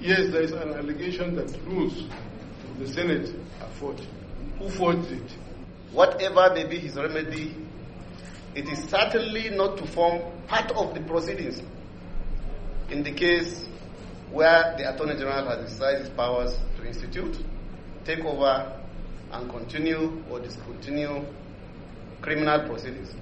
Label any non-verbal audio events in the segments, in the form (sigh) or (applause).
Yes, there is an allegation that rules of the Senate are forged. Who forged it? Whatever may be his remedy, it is certainly not to form part of the proceedings. In the case where the Attorney General has exercised his powers to institute, take over, and continue or discontinue criminal proceedings.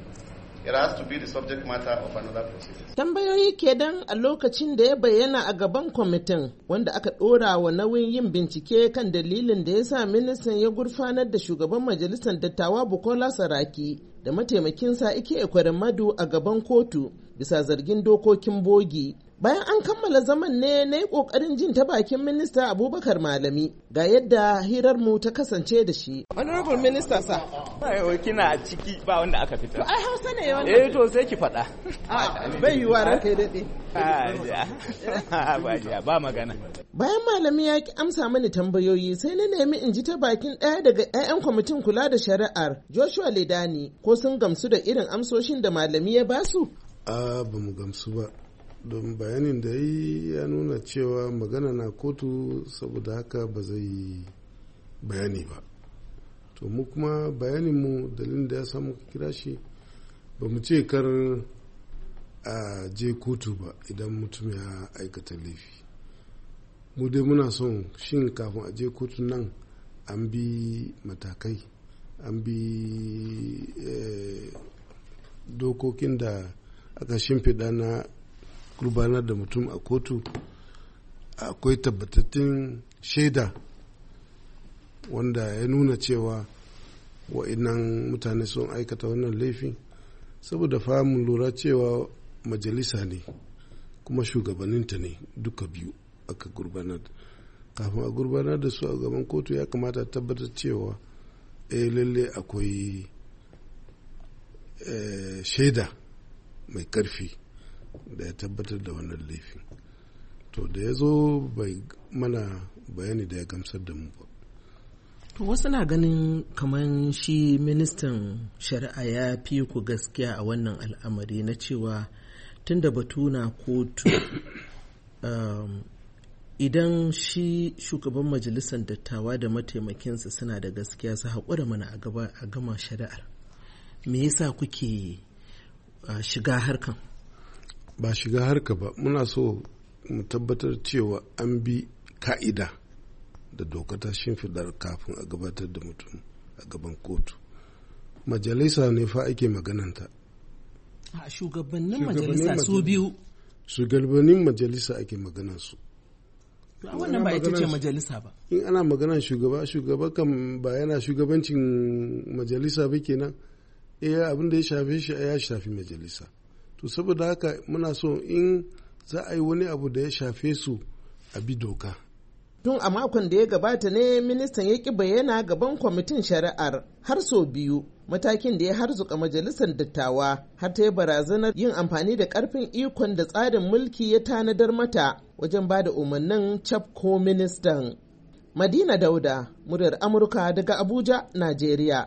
It has to be the subject matter of another proceeding. Tambayoyi kenan a lokacin da ya bayyana a gaban kwamitin wanda aka ɗora wa nauyin yin bincike kan dalilin da ya sa ministan ya gurfanar da shugaban majalisar dattawa Bukola Saraki da mataimakinsa Ike Ekweremadu a gaban kotu bisa zargin dokokin bogi. Bayan an kammala zaman ne na yi ƙoƙarin jin ta bakin minista Abubakar Malami ga yadda hirar mu ta kasance da shi. Honorable Minister sir, kina ciki ba wanda aka fitar. ai Hausa ne eh, to sai ki faɗa. Ah, bai wa kai daɗe. Ba magana. Bayan malami ya ki amsa mani tambayoyi sai na nemi in ji ta bakin ɗaya daga 'ya'yan kwamitin kula da shari'ar Joshua Ledani ko sun gamsu da irin amsoshin da malami ya basu. A ba mu gamsu ba. don bayanin da yi ya nuna cewa magana na kotu saboda haka ba zai bayani ba to mu kuma bayanin mu dalilin da ya samu kira shi ba mu ce kar a je kotu ba idan mutum ya aikata laifi mu dai muna son shin kafin a je kotu nan an bi matakai an bi eh, dokokin da aka shimfiɗa na gurbanar da mutum a kotu akwai tabbatattun shaida wanda ya nuna cewa wa'inan mutane sun aikata wannan laifin saboda famun lura cewa majalisa ne kuma shugabanninta ne duka biyu aka gurbanar kafin a gurbanar da su a gaban kotu ya kamata tabbatar cewa eh lalle akwai eh, shaida mai karfi da ya tabbatar da wannan laifin to da ya zo bai mana bayani da ya gamsar da mu ba To wasu na ganin kamar shi ministan shari'a ya fi ku gaskiya a wannan al'amari na cewa tun da batu na kotu (coughs) um, idan shi shugaban majalisar dattawa da mataimakinsa suna da gaskiya su haƙura mana a gama shari'ar me yasa kuke uh, shiga harkan ba shiga harka ba muna so mu tabbatar cewa an bi ka'ida da doka ta shimfiɗar kafin a gabatar da mutum a gaban kotu majalisa ne fa ake magananta a shugabannin majalisa su biyu shugabannin majalisa ake maganansu wannan ba ita ce majalisa ba in ana maganan shugaba shugaba kan ba yana shugabancin majalisa ba kenan e abin da ya shafe shi ya shafi majalisa to saboda haka muna so in za a yi wani abu da ya shafe su a bi doka tun a makon da ya gabata ne ministan ya ki bayyana gaban kwamitin shari'ar har sau biyu matakin da ya harzuka majalisar dattawa har ta yi barazanar yin amfani da karfin ikon da tsarin mulki ya tanadar mata wajen ba da umarnin ko ministan madina dauda muryar amurka daga abuja najeriya